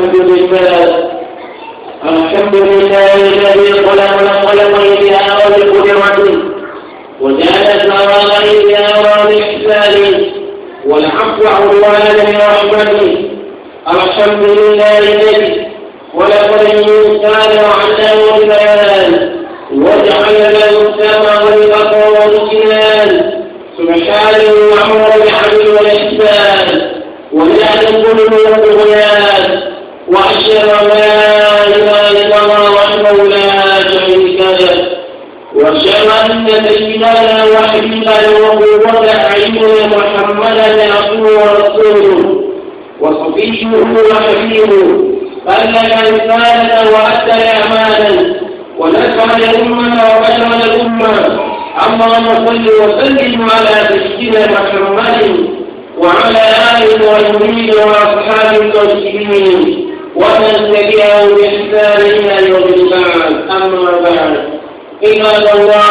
الحمد لله الحمد لله الذي خلق الخلق إذا أراد قدرته وجعل ثمره إذا أراد إحسانه والعفو عوان برحمته الحمد لله الذي خلق الإنسان وعلمه البيان وجعل له السمع والبصر والجنان سبحانه وعمر بالعدل والإحسان وجعل الظلم والبغيان وأشهد أن لا إله إلا الله وحده لا شريك له وأشهد أن سيدنا وحبيبنا وقوة أعيننا محمدا عبده ورسوله وصفيه وحبيبه بلغ رسالة وأدى أمانا ونفع الأمة وبشر الأمة اللهم صل وسلم على سيدنا محمد وعلى آله وصحبه وأصحابه الطيبين ومن تبعه بإحسان إلى يوم البعث أما بعد عباد الله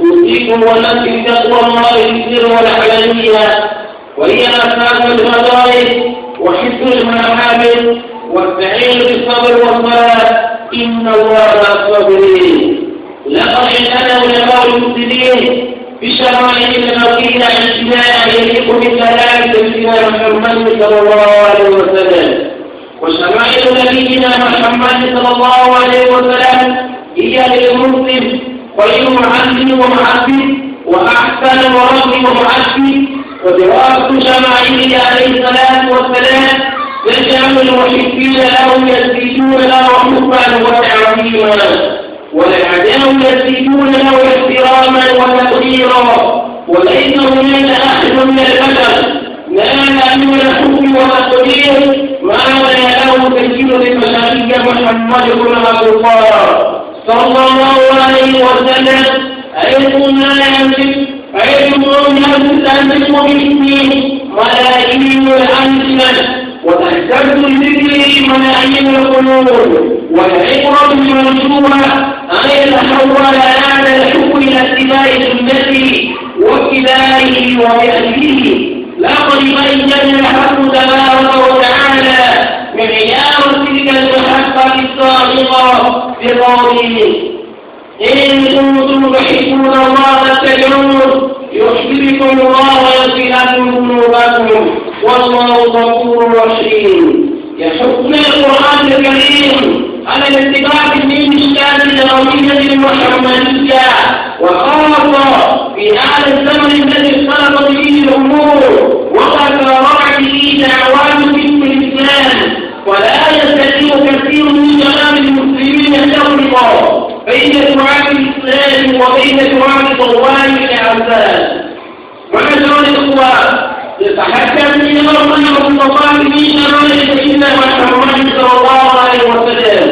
أوصيكم ونفسي بتقوى الله في السر والعلانية وهي أساس الفضائل وحسن المحامل واستعين بالصبر والصلاة إن الله الصابرين لقد اعتنوا علماء المسلمين بشرائع العقيدة اجتماعا يليق بكلام سيدنا محمد صلى الله عليه وسلم شرائع نبينا محمد صلى الله عليه وسلم هي للمسلم خير معلم ومعبد وأحسن مربي ومعبد ودراسة شمائله عليه الصلاة والسلام يجعل المحبين له يزيدون له حبا وتعظيما والأعداء يزيدون له احتراما وتقديرا وليس هناك أحد من البشر لا تأمين الحكم والتقدير ما لا له تسجيل لملائكة محمد بن عبد الله صلى الله عليه وسلم علم لا يملك علم لا تملك باسمه ملايين الأمثلة وتحتاج لذكره مناعيم القلوب والعبرة المنشورة أن يتحول هذا الحكم إلى اتباع سنته وابتدائه وبأهله لقد طريق الحق تبارك وتعالى معيار تلك المحبة الصادقة بقوله إن كنتم تحبون الله فاتبعون يحببكم الله ويغفر لكم ذنوبكم والله غفور رحيم يحبنا القرآن الكريم على الاتباع بالإنسان النبوية المحمدية وخاصة في أعلى الزمن الذي اختلط به الأمور وتتراجع به دعوات فكر الإسلام ولا يستطيع كثير من كلام المسلمين تفرقا بين دعاة الإسلام وبين دعاة الإعزاز الأعزال وكذا الإخوة يتحكم في مرض المستطاع في شرائع الإسلام محمد صلى الله عليه وسلم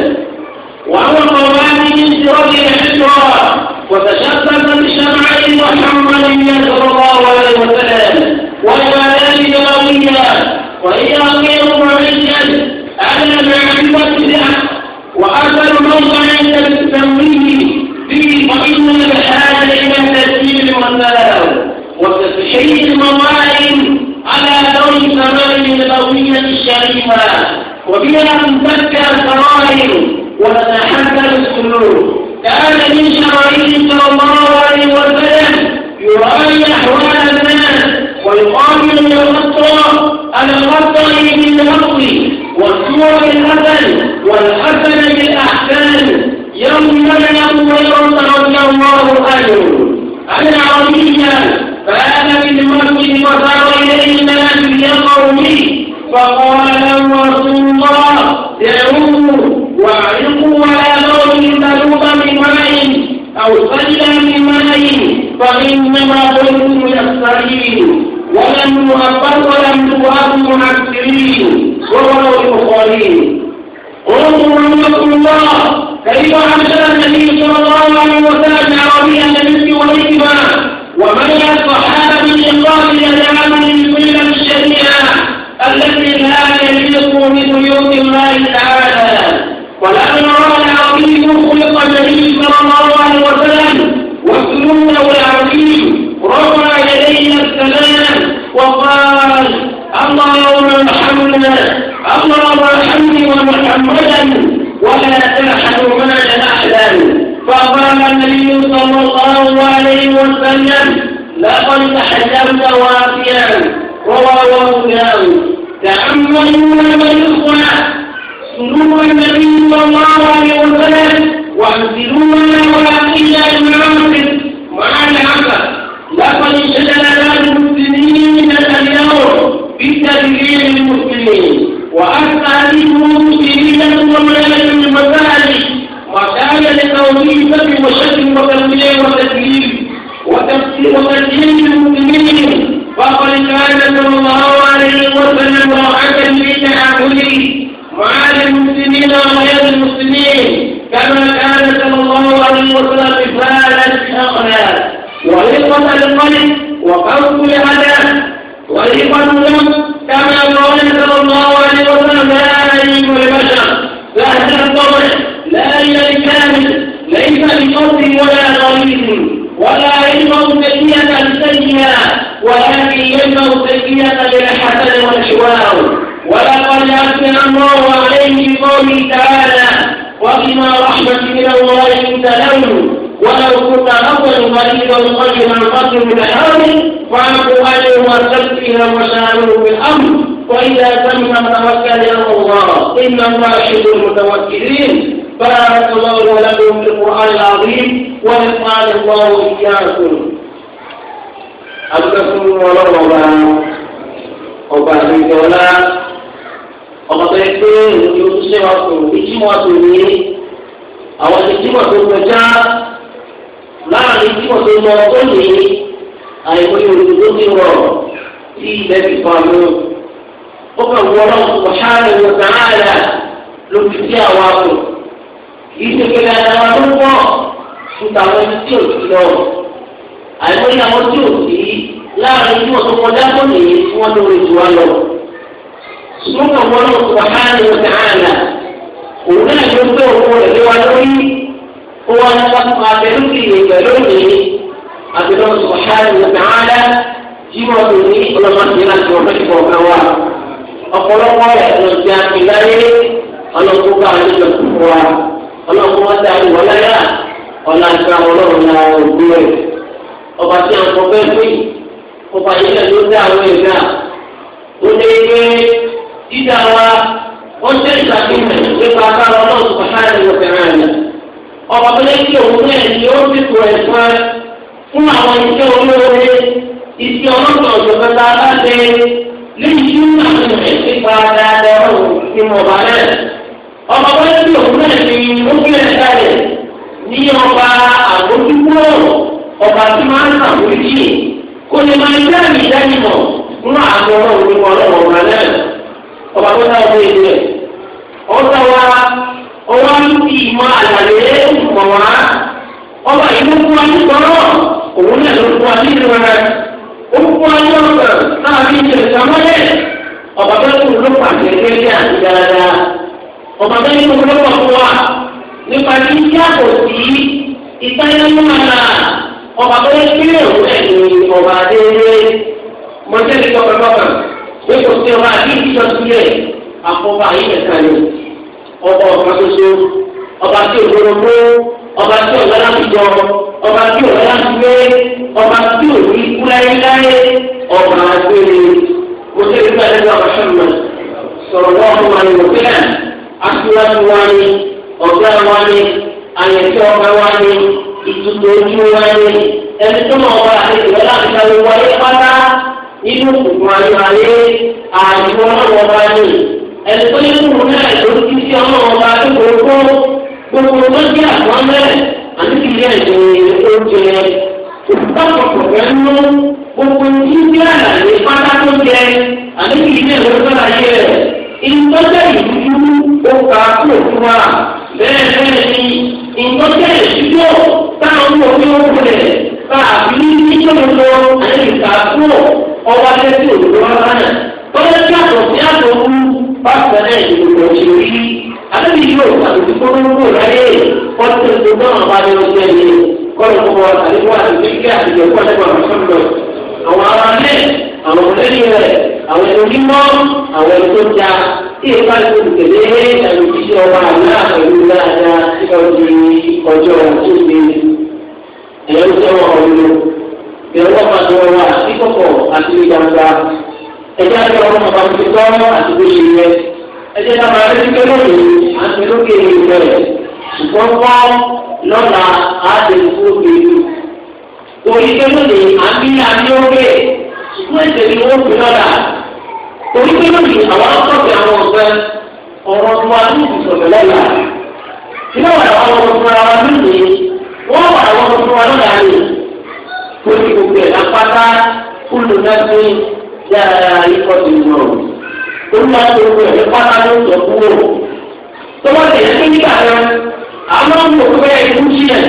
وأمر من برجل الحجرة وتشبث بشمعه محمد صلى الله عليه وسلم وإلى ذلك قضية وهي غير معيشة أن معرفة بدعة وأكثر موقع تسميه فيه فإن الحاجة إلى التسليم والسلام وتسحيق الموائد على لون ثمن القوية الشريفة وبها تنتكى الفرائض ونتحمل السلوك كان من شرعه صلى الله عليه وسلم يراعي أحوال الناس ويقابل الخطأ على الخطأ بالنقص والسوء بالحسن والحسن بالأحسان يوم يوم ويوم رضي الله عنه عن العربية فأنا في المسجد وصار إليه الناس يقرأ فقال له رسول الله دعوه وأعرقوا على موت تلوط من ماء أو صلى من ماء فإنما كنتم يفترين ولم نؤخر ولم تؤخر معسرين وروى البخاري انظر رحمة الله كيف أنشأ النبي صلى الله عليه وسلم عربيا للمثل والحكمة ومنع الصحابة من إقامة الأعمال قلة الشريعة التي لا يليق ببيوت الله تعالى ولا نرى العظيم خلق النبي صلى الله عليه وسلم وسنونه العظيم رفع يدينا السلام وقال اللهم ارحمنا اللهم ارحمني ومحمدا ولا ترحم معنا احدا فقال النبي صلى الله عليه وسلم لقد تحجبت وافيا رواه ابو داود تاملوا من يخلع صلوا النبي صلى الله عليه وسلم وانزلونا ولا إلا المعاصر وعلى عمل لقد شلنا المسلمين اليوم بتدبير المسلمين وأسألهم مسلمين ومن المسائل وكان لتوظيف سبب وشتم وتنبيه وتدبير وتسليم المسلمين فقد كان صلى الله عليه وسلم راحة لتعبده وعلى المسلمين وغير المسلمين كما كان صلى الله عليه وسلم إفادة الأغنى ورقة القلب وقوت الأذى ورقة النفس كما قال صلى الله أثنى الله عليه بقوله تعالى وبما رحمة من الله لنت لهم ولو كنت أول قريب القلب القتل من الأمر فاعفوا عنه واستكفهم وسألوه بالأمر وإذا تم توكل على الله إن الله يحب المتوكلين بارك الله لكم في القرآن العظيم ونفعل الله إياكم أبدكم ولو ọba àti ìjọba ọmọ tó yẹ pé òní oṣù wa sòrò ìjímọ̀ sòrò àwọn ìjímọ̀ tó kọjá láàrin ìjímọ̀ tó lọ tó lè àìmọye òdòdó tó ti rọ tí ilẹ̀ ti fa o ó kàn wọ ọlọ́run ọ̀ṣáàrin wọn sàárà ló fi sí àwọn àpò kì í ṣe pé dáadáa wọn ló pọ̀ níta wọn ti tí ò sí lọ. àìmọye àwọn tí ò sí láàrin ìjímọ̀ tó kọjá tó lè tí wọ́n lórí ìtura lọ súnmọ́ wọn lọ subhanahu wa ta'ala òun náà yóò tó owó rẹ̀ lé wa lórí wọn abẹ́lú kìlì pẹ̀lú mi àbẹ̀lú subhanahu wa ta'ala tí wọn kò ní ọlọ́mọdé láti wọn fẹ́ fọ́ ọ̀gá wa ọ̀pọ̀lọpọ̀ rẹ̀ lọ sí àpìláyé ọlọ́kùn bá wọn lọ sí wa ọlọ́kùn wọn dá ìwọ láyà ọ̀là ìgbà ọlọ́run náà ògbó rẹ̀ ọba tí a kọ bẹ́ẹ̀ fún yìí ọba yìí lẹ́nu dá àwọn ẹ̀dá ó ní dídá wa ó jẹ́ ìṣàfihàn nípa agbára ọlọ́run tó kọ́ṣá ẹni lọ́fẹ̀ rẹ̀ rẹ̀. tó lé kí òun náà ni ó ti tó ẹ̀fọ́ fún àwọn iṣẹ́ olóore iṣẹ́ ọlọ́run ọ̀jọ̀gbọ́n tá a bá ṣe léyìí tí ó ń ṣàfihàn nípa dáadáa ọ̀hún ni ó gbé ẹ̀ka rẹ̀ ní ọba àbójúkúrò ọba tí máa ń ṣàbójì kò ní máa ń dá ìdánimọ̀ fún àwọn ọmọ òun ọlọ́run ọba náà ọba tó dá ọdún èdè rẹ̀ ọ̀sà wa ọwọ́ ń fi ìmọ̀ àlàyé mọ̀ wá ọba ìlú fún wa ní sọ́nà òun náà ló fún wa ní ìlú rẹ̀ ó fún wa ní ọ̀sẹ̀ náà fi ń tẹ̀lé sàmọ́lẹ̀ ọba tó kù ló pàṣẹ gẹ́gẹ́ àti dáadáa ọba tó ní kókó lọ́pọ̀ fún wa nípa ní yàtọ̀ sí ìtayẹ̀mú ara ọba tó yẹ kí ní òun ẹ̀ ní ọba déédéé mọ̀tẹ́lẹ̀ tọkàtọkà pé kò sí ọba àbí ìjọ sílẹ̀ àkọ́bá yìí mẹ́ta ni ọba ọ̀kan ṣoṣo ọba tí ò lóró mú ọba tí ò lọ́la ti jọ ọba tí ò lọ́la ti gbé ọba tí O ní ikú láyé láyé ọba àgbèrè kò sí ìgbà lẹ́nu àkọ́ṣọ́ mi sọ̀rọ̀ lọ́wọ́ wa ni òbí náà aṣíwájú wa ni ọ̀gá wa ni àyẹ̀tọ́ ọba wa ni ìtutù ojú wa ni ẹni tó mọ̀ ọba àti ìwọ́lá àti ìwọ́lá wáyé pátá inú kùkùn ayọ̀ayé àyùmọ̀ ọlọ́wọ́ bá ní. ẹni tó yẹ kúrò náà ló ti fi ọlọ́wọ́ bá ní gbogbo gbogbo tó jẹ́ àgbọ̀n mẹ́rẹ̀ àti kì í ẹ̀jẹ̀ oúnjẹ. òkúta kọ̀kọ̀ pẹ̀lú gbogbo tí ó jẹ́ àlàyé pátá tó jẹ àti kì í ẹ̀jẹ̀ lọ́sọ̀rọ̀ ayé rẹ̀. ìtọ́jẹ́ ìdúdú ó kà á kúrò fún wa bẹ́ẹ̀ bẹ́ẹ̀ ni ìtọ́jẹ́ ìdúdú táwọn ọmọ orí ó kúrẹ̀ káàkiri ní ìjọba lọ àyè ìkà kúrò ọba tẹ́tí òdodo wá lánà tọ́lá tí àtọ̀ sí àtọ̀ ń pàṣẹ náà ìdìbò ṣe rí àtẹ́bí yóò àtòkí kókókó láyé ọtí tó náà bá ní ọjọ́ ẹ̀yẹ kọ́lọ̀ kọ́kọ́ àdéhùn àti kíkẹ́ àti ìjọba nípa àmọ́sọ́dọ̀ àwọn ará lẹ́ àwọn ọ̀rẹ́ni rẹ̀ àwọn ẹni onímọ̀ àwọn ẹni tó da tí èyí bá ti tẹ̀lé ẹ̀rù ṣíṣe ọba àná pẹ̀lú dáadáa sí ọdún ọjọ́ tó ṣe ẹ̀yọ́ ìrọ̀lọ́ máa lọ wá sí kọ̀kọ̀ àti ìyàgbá ẹ̀jẹ̀ àti ọ̀rọ̀ màmá ti tọ́ àti bó ṣe yẹ ẹ̀jẹ̀ náà máa rẹ́sí pé lónìí àti lókè ìrẹ̀ ṣùgbọ́n kọ́ lọ́la àdéhùn òkè torí pé lónìí àbí àbí òkè ṣùgbọ́n ẹ̀jẹ̀ ni wọ́n fi lọ́la torí pé lónìí àwọn akọ́kẹ́ àwọn ọ̀fẹ́ ọ̀rọ̀ tó wà ní ìsọ̀rọ̀ lọ́la ìlọ́wọ̀ àwọn ọmọ fúnra wa lónìí wọ́n wà àwọn ọmọ fúnra lọ́la tó ní gbogbo ẹ̀ lápáta kúlù náà ní yàrá ikọ̀ tó ń rọrùn. Olúwa tó gbogbo ẹ̀ pátá ló sọ kúrò. Tọ́wọ́ tẹ̀ ẹ́ nígbà kan, àwọn ọmọ bẹ́ẹ̀ ikú sílẹ̀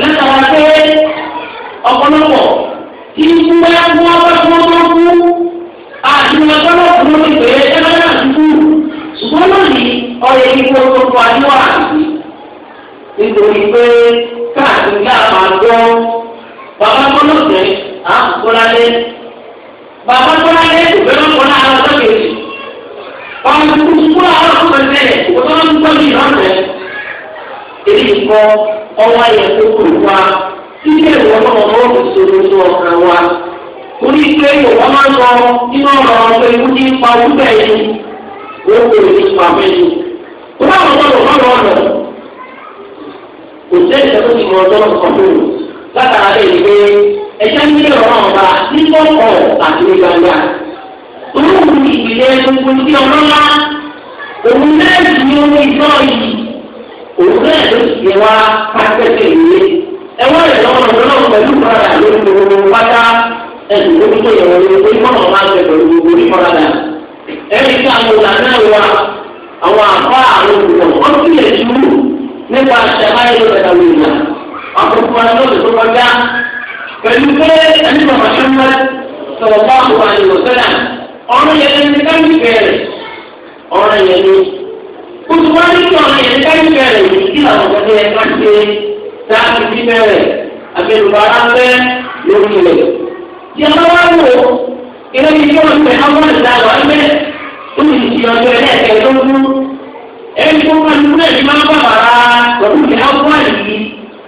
látara pé ọ̀pọ̀lọpọ̀ tí ikú bá mú ọgbà tó ń tó kú. Àdúrà tọ́lọ̀ fún mi pé ẹ bá náà kú. Ṣùgbọ́n lónìí, ọ̀rẹ́ ikú tó fọ àdúrà nítorí pé káàkiri àmàgbọ́n. bàbá gbọ́dọ̀gbẹ́ à ń kólálé bàbá kólálé ìgbẹ́ máa kejì bàbá tuntun kó láàárọ̀ tó fẹsẹ̀ kó tó ń gbọ́ ní ìrọ̀lẹ́ èyí kọ́ ọwọ́ ayẹ tó kù wá sílé ìwọ náà wọ́n kò pé máa ń sọ nínú ọ̀rọ̀ ikú ti ń pa wọ́n kò ní pa wọ́n kò sẹ́yìn tó ti mọ ọjọ́ látara lè ní pé ẹ̀ṣẹ́ ń gbé ọ̀rọ̀ ọba nígbà ọ̀pọ̀ àti ní gbangba. olóògùn ìpìlẹ̀ gbogbo sí ọlọ́lá òun náà sì ní owó ìjọ yìí òun náà ló sì wá pàṣẹ ẹwọ́n rẹ̀ lọ́wọ́ lọ́wọ́ pẹ̀lú ìfọ̀rọ̀dà lórí gbogbo pátá ẹ̀sùn lórí tó yẹ̀wò lórí pé mọ́nà máa ń bẹ̀rẹ̀ gbogbo ìfọ̀rọ̀dà. ẹ̀rí ká àwọn ìlànà wa àwọn àbá àwọn olùkọ́ wọ́n tún lè ṣubú nípa ṣẹ̀fáyé lọ́sẹ̀ àwọn ìlànà ọkọ̀ fún wa lóde tó kọjá pẹ̀lú pé ẹni bàbá sọ́nà sọ̀rọ̀ bá àwọn àyẹ̀wò sẹ́dà ọ̀rọ̀ yẹn ní káyọ̀ bẹ̀rẹ̀ ọ̀rọ̀ yẹn ní. kótó wọn ní kí ọ̀rọ̀ yẹn ní káyọ̀ bẹ̀rẹ̀ yìí kí làwọn ọ̀gá yẹn ká ṣe dáàbì bí bẹ̀rẹ̀ àbẹ̀lùbára fẹ́ lórí ilẹ̀. yàrá wá wò ilé ní kí wọ́n fẹ́ àwọn ìdáwọ̀ ẹgbẹ́ olùdíje ọjọ́ ẹlẹ́ẹ̀kẹ́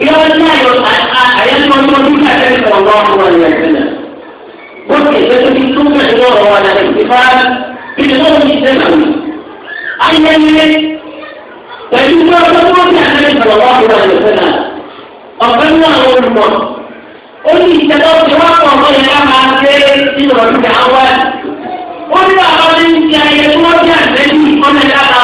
yọọ ti ṣe tó fún wọn yẹn sílẹ̀. ọ̀pẹ́ ní àwọn olùmọ̀ ó ó ní àwọn ní ti ayẹyẹ tí wọ́n ti àtẹ́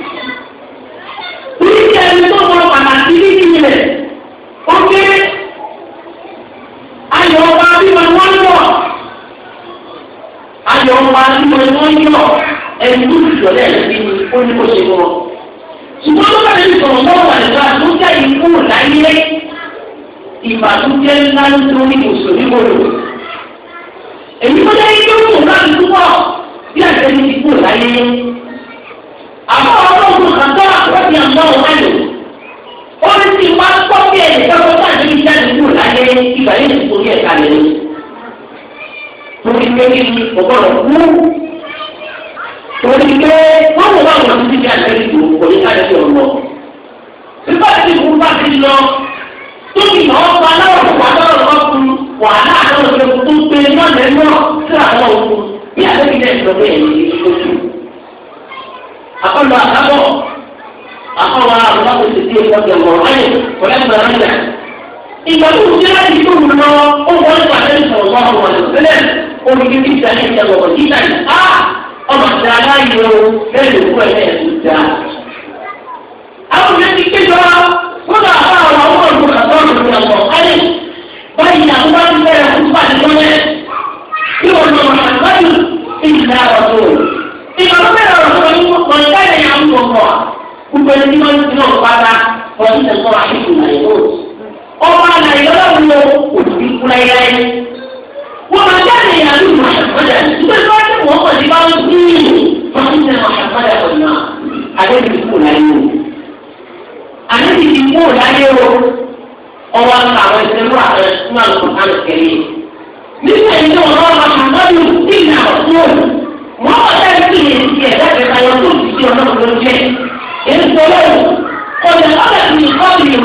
kí ẹni tó mọ pàtàkì ní ìpìlẹ̀ ó kéré ayọ̀ ọba bímọ wọ́n yọ̀ ayọ̀ ọba bímọ wọ́n yọ̀ ẹni tó jùlọ lẹ́yìn ní ó ní kó ṣe wọn. ṣùgbọ́n ló bá lè sọ̀rọ̀ lọ́wọ́ àìsàn tó jẹ́ ikú láyé ìbànújẹ́ ńlá nítorí mùsùlùmí gbòòrò. èyí tó jẹ́ ikú láti túbọ̀ bí àtẹ̀yìn ikú láyé àmọ́ ọlọ́run tó kàn tó àkọ́bí àmọ́ ọ̀hánì ó ní ti wá kọ́bí ẹ̀yìn kọ́kọ́ tó àdébí jáde kúrò láyé ìgbà yẹn ti torí ẹ̀ka lẹ́nu. torí pé kí ni ọ̀gbọ́dọ̀ kú torí pé wọ́n mú wá wọn títí àtẹ́rí tó kò ní ká lẹ́sẹ̀ ọ̀rọ̀. nígbà tí ìwú bá ti lọ tó kì náà pa aláwọ̀ pọ̀ aláwọ̀ lọ́ fún wàhálà àtọ́wọ̀ tó gbé náà lẹ́nu náà sí àwọn akọlọ àtàbọ akọwà àbúrò títí ìfọdù ọgbọ ayé kọlẹgbẹ rẹjà ìgbà tó ń jẹrà yìí tó wùdọ ó wọn ń pàdé ìṣòro wọn ọmọ rẹ sílẹ̀ olùkí ti sàn ní ìjàgbọ ọmọ títà yìí á ọmọ tí a bá yọ bẹ́ẹ̀ ló kú ẹgbẹ́ ẹ tó dáa. àwọn ọmọ ti kéjọ wọn bá bá àwọn ọmọ ọdún kàtọ́ ọdún ọgbọ ayé báyìí ni àwọn bá ń bẹ̀rẹ̀ fún pàdé lọ́yẹ kí wọn lọ wọn àgbáyé ìgbà ọdún ìgbà ọdún kọ̀ǹtẹ́ẹ̀lì yà ń wọ̀ kọ̀ gbogbo ẹni tí wọ́n ti náà pátá ọdún tẹ̀ sọ́ra ìlú nàìjíríà. ọmọ nàìjíríà lọ́wọ́ wo òtún ikú láyé. wọ́n máa jáde ìyàlú mọ̀ṣàmọ́dà nígbà tí wọ́n ti wọ́n kọ̀ sí báwọn tí ọdún tẹ̀ mọ̀ṣàmọ́dà kọ̀ náà. àdébìtì kú láyé o. àdébìtì kú láyé o. ọwọ́ àwọn ìṣẹ́lú àtẹ̀síwájú kọ̀ọ̀kan kẹ̀lé. nígbà tí wọ́n lọ́wọ́ wọ́n wọ́n sáré kí ni ti ẹ̀ láti ayọ̀ tó ti di ọ̀nà ọ̀nà jẹ́ èyí tó lọ́wọ́ ọ̀nà ọ̀nà ti kọ́ ti yẹ̀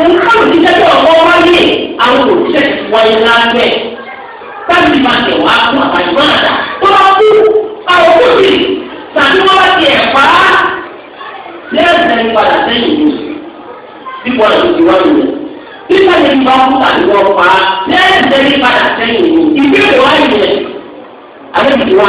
òun kọ́ ti sẹ́jọ́ ọ̀pọ̀ wáyé àwọn òṣìṣẹ́ ti wáyé láńbẹ́ tábìlì máa tẹ̀ wá fún àbájúmọ́ àdá tó bá kú àwọn òkúti tàbí wọ́n bá ti ẹ̀ á lẹ́yìn ẹni padà sẹ́yìn ìlú bíbọ ẹ̀rọ ti bá kú tàbí wọ́n fà á lẹ́yìn ẹni padà sẹ́yìn ìlú ìbéèrè wáyé rẹ̀ àbẹ́bí wá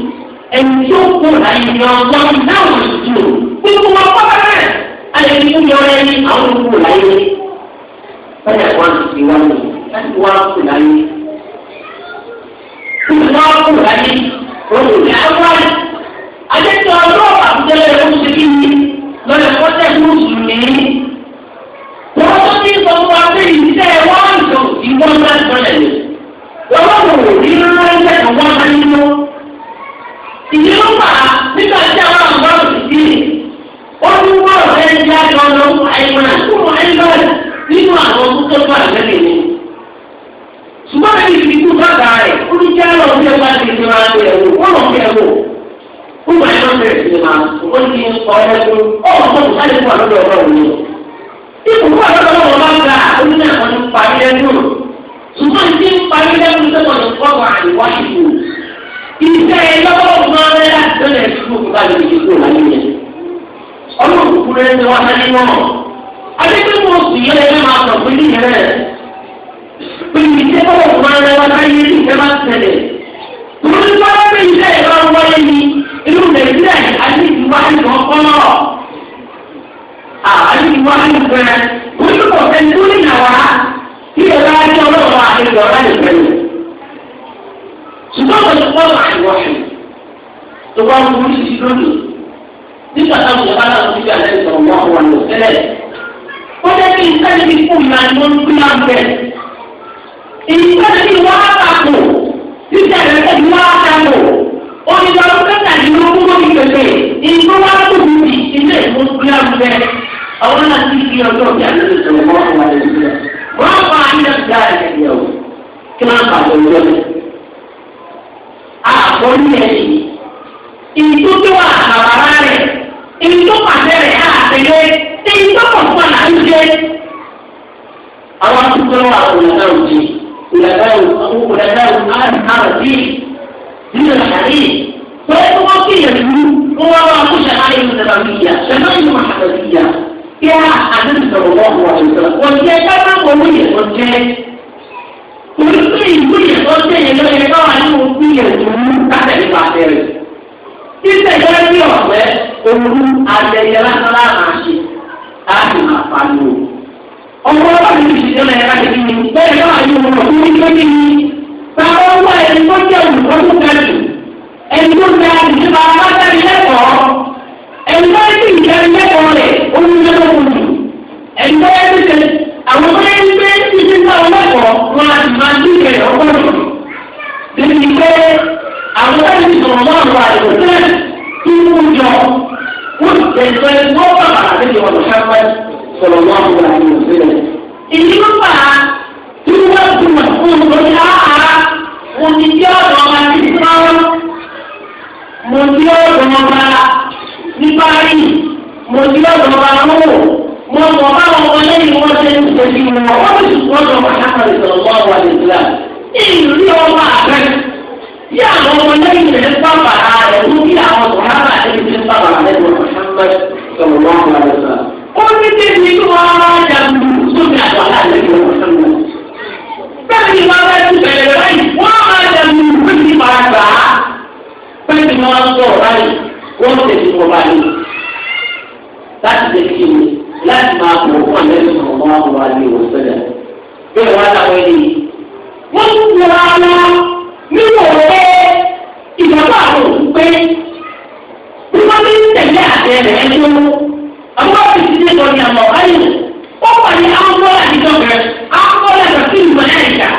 ẹni tó kú àyẹ̀yẹ náà tù gbogbo wọn kọ́ ayẹyẹ kú yọ ẹni àwọn tó láyé bẹ́ẹ̀ wọ́n ti fi wá lò láti láyé kú wá kú láyé olùdí àwọn àjẹsọ ọlọ́ọ̀bà tẹ́lẹ̀ ló ń ṣe kí ni lọ́lẹ̀ fọ́tẹ́ mùsùlùmí wọ́n tó ti sọ fún wa pé ìṣe wọ́n ń sọ ìwọ́n láti sọlẹ̀ lọ́wọ́ wò ní rárá ń tẹ̀sán wọ́n máa ń ìyẹn ló fà á nígbà tí àwọn àgbọ̀rọ̀ ti di ó ní wọ́n rẹ̀ ń já lọ lọ àìmọ̀ àtúmọ̀ ẹ̀ńdọ́rẹ̀ nínú àwọn tó tó bá àgbẹ̀rẹ̀ ni. ṣùgbọ́n ẹni fi kú bàbá rẹ̀ ó ní já lọ sí ẹgbẹ́ àti ìṣẹ́ máa ń bẹ̀rẹ̀ wò wọ́n lọ bẹ̀rẹ̀ wò ó máa ń bẹ̀rẹ̀ sí máa ó ní sọ ẹ́ lẹ́kọ́ ọ̀ ọ̀gbọ́n kò sáré fún àlọ́dọ̀ ọ̀rọ̀ òun ìbùkún àlọ́dọ̀ ọ̀rọ̀ máa ń ga onílé àwọn ń parí lẹ́nu ṣùgbọ́n ìdí ń parí lẹ́nu tó kọ̀ ní fọ́ọ̀mù àìwáṣìkò ìṣe ẹ̀ lọ́wọ́ kù bá lè kúrò láyé yẹn ọlọ́run kúkú rẹ̀ ṣe wá sẹ́ni mọ́ adékèké sì yẹ ẹgbẹ́ máa sọ pé níyẹn rẹ̀ pé ìṣe bọ́ọ̀ fún ara wa láyé ní ìṣe máa ṣẹlẹ̀ tòun ní báwa pé ìṣe ẹ̀ máa wáyé ní inú nàìjíríà àti ìwà ìwọ̀n kọ́nà àti ìwà ìwọ̀n wọ́n yóò kọ̀ sẹ́ni tó ní ìyàwó kí ẹ bá rí ọlọ́run àti ìjọba ìgbẹ́lẹ̀ tó bá wù ní ìdí lónìí nígbà táwọn ìyá bá náà ti gbà lẹ́yìn tó wọ́n wọ́n lò tẹ́lẹ̀. ó jẹ́ kí ìtẹ́lẹ̀ ti fún ìlànà ló ń gbé máa ń bẹ̀. ìtẹ́lẹ̀ ti wá àpapọ̀ títí àgbẹ̀kẹ́ ti wá àpapọ̀ onígbà ló kẹta ní ogún lórí pèpè ìgbó wá tóbi ní ilé ìmúgbìlá ń bẹ àwọn náà ti fi ọjọ́ ìyá lórí ìṣòro wọn wà lórí rẹ̀ wọ́n bá ayé wọ́n bá lórí ìtútúwà àbàbà rẹ̀ ìtúpàṣẹ rẹ̀ àtẹ̀lé ìtúpọ̀fọ́ là ń jẹ. àwọn akúkúrò àwọn ìlànà òjì ìlànà ìlànà àrùbí nínú ìyàrí pé wọ́n fi ìyẹ̀dú wọ́n wá wá kó ṣàlàyé ìjọba ìyà ṣẹlẹ̀ ìlú àtàlẹ́ ìyà kí á àdéhùn sọ̀rọ̀ wọ́n wọ̀ àdéhùn wọ́n jẹ́ káfíńkò wọ́n yẹ̀ wọ́n jẹ́. Olùkọ́ ìlú yẹ̀ wọ́n jẹ́ yẹn lọ́yẹ̀ káwọn àdéhùn olú ayẹyẹ lásán láàmà ṣe láti máa pariwo. ọmọ wa ni ìṣiṣẹ́ náà yára kìí ni bẹ́ẹ̀ náà yóò wọ̀ fún mi lókè ni. báwo wá ẹni tó jẹ́ olùkọ́ tó ga jù ẹni tó ga jù bá a bá dárí lẹ́kọ̀ọ́ ẹni tó yẹ kí ìjà lẹ́kọ̀ọ́ rẹ̀ ó ní lọ́wọ́ kò jù ẹni tó yẹ kí àwọn tó yẹ kí ìdí ń bá wọn lẹ́kọ̀ọ́ wọn á ti máa dín ìrẹ̀ ọgọ́rùn-ún. lẹ́yìn pé àwọn tó yẹ kí tí wọ́n jọ wọ́n tẹ̀sọ́ ẹ wọ́n bá bàbá àti ìwọ̀n ṣáfẹ́ sọ̀rọ̀ wọn àwọn àti ìwọ̀n èyí ló fà á tí wọ́n ti mọ̀ fún un lórí àhàrà mo ti dé ọ̀dọ̀ ọba ní sọ́ọ́ mo ti dé ọ̀dọ̀ ọba ní parí mo ti dé ọ̀dọ̀ ọba lọ́wọ́ mo mọ̀ báwọn ọmọ lẹ́yìn wọn ṣe ń ṣe bí wọn wọ́n ti sọ́dọ̀ ọba ṣáfẹ́ sọ̀rọ̀ wọn àwọn àti ìwọ̀n tí àwọn ọmọ lẹ́yìn rẹ̀ ń pàpà rẹ̀ mú kí àwọn sọ̀rọ̀ àti ti ń rẹ̀ lọ Muhammad sọ̀rọ̀ wọn wà lọ́sà. ó ní débi tó wá wá jà lùdù sómi àgbà láàrin lọ Muhammad. bẹ́ẹ̀ ni wọ́n bá ti bẹ̀rẹ̀ báyìí wọ́n á jà lùdù fún ti máa gbà á. bẹ́ẹ̀ ni wọ́n sọ báyìí wọ́n ti ti kọ̀ báyìí. láti lè fi nínú àwọn ti ti ní ìtọ́ni àmọ́ ayé ó wà ní àwọn bọ́ọ̀lù àdìjọ́ bẹ̀rẹ̀ àwọn bọ́ọ̀lù àdìjọ́ sí ìmọ̀ ìjà.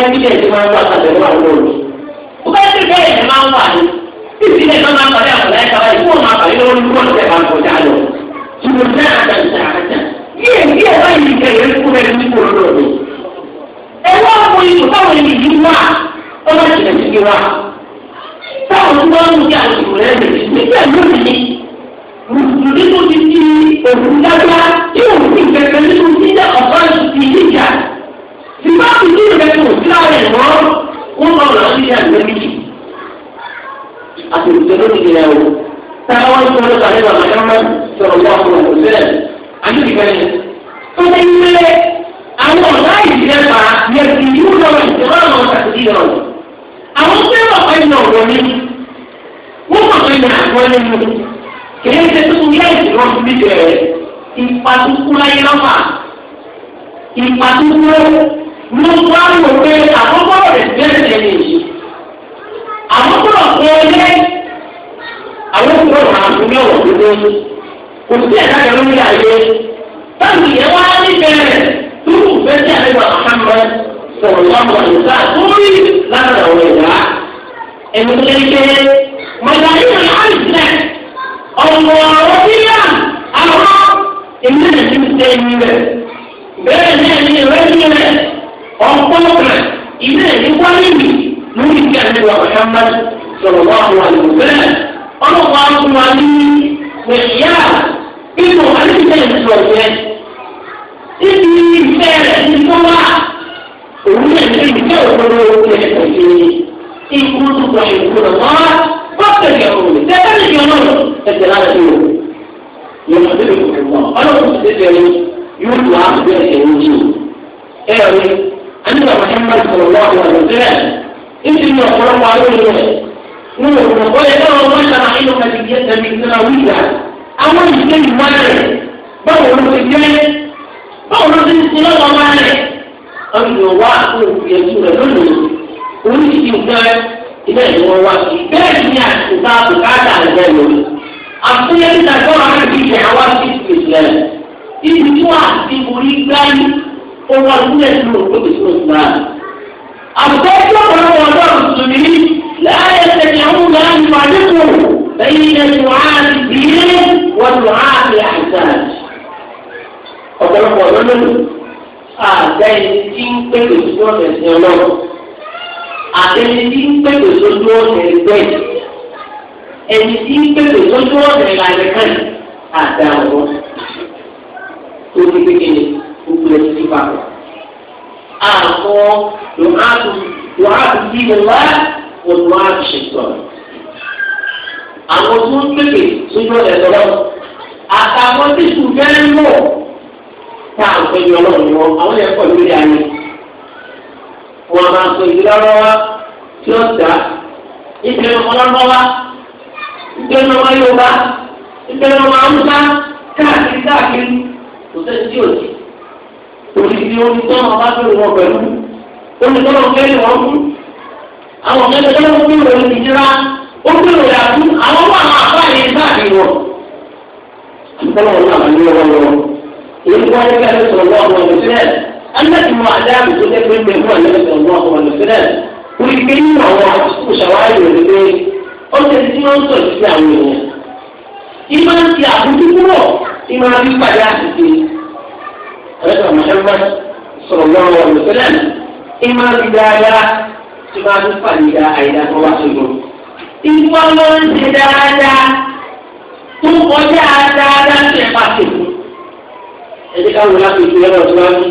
yẹ kílẹ̀ tí máa ń wà kàlẹ́ wà lóòrùn. Mo bá ti bẹ́ẹ̀ ẹ̀ máa ń wà ní. Bí ìdílé náà máa ń parí àwọn ẹ̀ka wáyé tí wọ́n máa lọ́wọ́ ní wọ́n tẹ̀ máa ń kọjá lọ. Ṣùgbọ́n ní kò lọ ní. Ẹ wá ọmọ ìlú táwọn ìlú ń mú kí ní bẹ́ẹ̀ lónìí. Mùsùlùmí tó ti di òkú dáadáa tí òkú ìgbà tó ní ìrẹ́ kò sí ààrẹ mọ́ wọ́n máa rà sí àgbẹ̀ méjì. àtòlùjẹ ló ti yẹ o táwa wá sọ lọ́kà lẹ́nu àmàlẹ́mọ́ sọ̀rọ̀ wá fún ọ̀hún bẹ́ẹ̀ àdúgbò ni. ó ti ń lé àwọn ọ̀gá ìjẹba yẹtì yóò lọ ìjọba àwọn ọ̀sàtì yọ àwọn tó yẹ ọ̀pá ìnà ọ̀rọ̀ mi wọ́n mọ̀ pé ní àgbọ̀ nínú kìí ṣe tuntun yẹ ìjọba fi bẹ̀rẹ̀ ìpàtúkú láyé lọ́fà ìpàtúkú mo wá wò pé àkókò rẹ̀ bẹ́ẹ̀ lè yí. àkókò ọ̀pọ̀ ọlẹ́ àwọn òkúrò àkókò mẹ́wàá tó lóyún. kò sí ẹ̀ka kan lórí ayé. báwo ìyẹn wá ní bẹ̀rẹ̀ tó kù fẹ́ sí àlejò àhámẹ́ sọ̀rọ̀ lọ́wọ́ àyùká lórí lára àwọn ẹ̀dá. ẹ̀mí lè ṣe mọ̀tàlí ìrìn àìsàn ọ̀pọ̀ ọ̀rọ̀ bíyà àwọn ìmúlẹ̀ ti ọ̀pọ̀lọpọ̀ ilé ẹ̀rí wáyé mi lórí kí àdéhùn Muhammad sọ̀rọ̀ wá àwọn àlùbẹ́rẹ̀ ọlọ́pàá ń fún wa ní mẹ̀yà nínú àlejò ìṣòro yẹn níbi ìfẹ́ rẹ̀ ní tọ́wá òun náà ní ìfẹ́ òdodo rẹ̀ kò sí ikú dùkọ̀ ìkúrọ̀ wá pọ́pẹ̀lẹ̀ òun tẹ́lẹ̀ ní ọ̀nà ẹ̀sẹ̀ lára sí o yóò máa tẹ̀lé ìfọ̀kùn náà ọlọ́pàá ti tẹ̀lé yóò lù á bẹ̀rẹ̀ ẹ̀rọ yìí ẹ̀rọ yìí ẹni bàbá Muhammad sallallahu alaihi wa sallam ìdí ní ọ̀pọ̀lọpọ̀ alóòrò rẹ̀ ní òkùnà bóyá náà wọ́n ṣàmà inú kàdìyẹ tẹ̀mí ìtura wíwá àwọn ìdílé ìwá rẹ̀ báwo ló ti jẹ́ báwo ló ti ti lọ́wọ́ wá rẹ̀ ọ̀dùnú wá òkùnyẹ̀jú rẹ̀ lónìí oríṣiríṣi nǹkan ilé ìwọ̀n wá sí bẹ́ẹ̀ ni àtúntà bùkátà rẹ̀ lónìí àfúnyẹ́ nígbà àwọn àti ohun àdúgbò ẹ̀sìn ló kó tètè òsì náà. àbùkù ẹjọ́ ọ̀pọ̀lọpọ̀ ọ̀dọ́ mùsùlùmí láàyè ẹ̀sẹ̀ àwọn ọ̀gá ni wà nípò lẹ́yìn ẹ̀sùn àti ìdílé wọn lù áàbì àìsàn. ọ̀pọ̀lọpọ̀ ọ̀dọ́ lónìí àgbà ẹni tí ń pèpè sí sí ọlọ́run àtẹni tí ń pèpè sójú ọ̀sẹ̀ ẹgbẹ́ ẹni tí ń pèpè sójú ọ̀sẹ̀ ìlànà kan àgbà àwọn tó ní pékeré gbogbo ẹ̀ ti papọ̀. Àkọ́ dùhádù dùhádù bí mo wá wọ́n wá ṣe tọ̀. Àwọn tó ń pèpè sójú ọ̀rẹ́ lọ́wọ́. Àtàwọn tí kò fẹ́ ń lò tá à ń pè ní ọlọ́run wọn, àwọn yẹn pọ̀ lórí ayé. Wọ́n máa ń pè ní lọ́wọ́ tí ó dá. Ìbẹ̀rù ọlọ́lọ́wá, ìbẹ̀rù ọmọ Yorùbá, ìbẹ̀rù ọmọ Haúsá, káàkiri káàkiri, kò sẹ́ni tí ò sí òṣìṣẹ́ onítọ́nà ọba tó wọ pẹ̀lú onítọ́nà kẹ́lẹ́ wọn fún àwọn mẹ́ta tó ń bí ìròyìn ìjìra ó bí ìròyìn àbú àwọn wà máa bá yẹn káàkiri wọn. àtúntàn wọn náà ní ọwọ́ lọ èyí wọn ní kẹ́lẹ́ sọ̀rọ̀ wọn ọmọ ìlúsílẹ̀ ẹnlẹ́tì mọ àdáàbò tó jẹ́ pé pé wọn lẹ́sẹ̀ sọ̀rọ̀ wọn ọmọ ìlúsílẹ̀ orí pé nínú àwọn òṣàwárí rẹ̀ pé ó ti ti wọn sọ̀ sí àwọn èèyàn ìmọ̀ ti àbújú kúrò ìmọ̀ àbí padà àti ọ̀rẹ́dọ̀ Muhammad sallallahu alaihi wasallam ìmọ̀ ti dáadáa tí máa ń fà ní àìdá tó wá sí lóru. ìwọ ló ń ṣe dáadáa tó kọjá dáadáa tó ẹ̀ máa tètè. ẹ̀jẹ̀ ká wò láti ìtura ẹ̀rọ tó wá ní.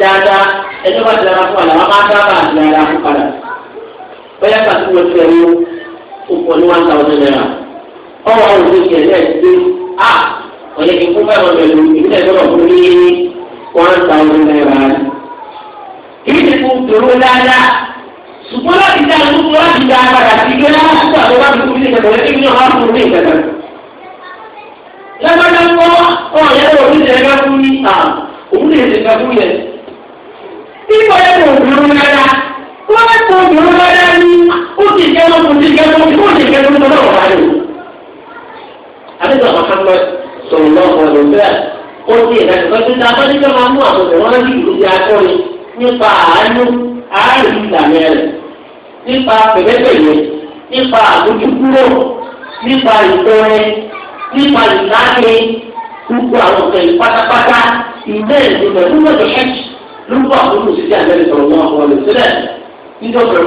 dáadáa ẹjọ́ bá ti dára fún àlà wọn máa sábà àti dáadáa fún padà. bóyá pàṣẹ wọn ti ẹ̀rọ òpó ní one thousand naira. ọ̀rọ̀ àwọn òṣèlú ẹ̀ ọ̀lẹ́ kí fún báwọn ọ̀dọ̀ ìlú ìbílẹ̀ sọ̀rọ̀ fún ní one thousand naira. kí ni kò dòrò dáadáa ṣùgbọ́n láti dá ìlú láti dá padà sí gbé láti àwọn bá fi kúrò ìgbàgbọ́ lẹ́yìn náà wá fún mi ìgbàgbọ́. lọ́gbọ́dá ń kọ́ ọ̀yẹ́ lọ sí ìjẹ́gbẹ́ fún mi à òun lè ṣe ìgbà fún yẹn. ìgbà yẹn kò dòrò dáadáa wọ́n bá kò dòrò dáadáa ní ó ti jẹ́ wọn ti jẹ́ wọn kò ti jẹ́ wọn lọ́wọ́ sọ̀rọ̀ náà kọ̀ ló bẹ́ẹ̀ ó ti ìdájọ́ pé títa abájọ́ máa mú àwọn ọ̀sẹ̀ wọn láti ìlú ti akọni nípa àánú àárín ìlànà rẹ̀ nípa pẹ̀lẹ́pẹ̀lẹ́ nípa àbójúkúrò nípa ìtọ́rẹ nípa ìlànà gbogbo àwọn ọ̀sẹ̀ pátápátá ìlẹ́ ìlú rẹ̀ ló lọ́dọ̀ ẹ̀ ló ń bọ̀ àwọn olùsíṣẹ́ àgbẹ̀rẹ̀ sọ̀rọ̀ náà kọ̀ ló sílẹ̀ níjọba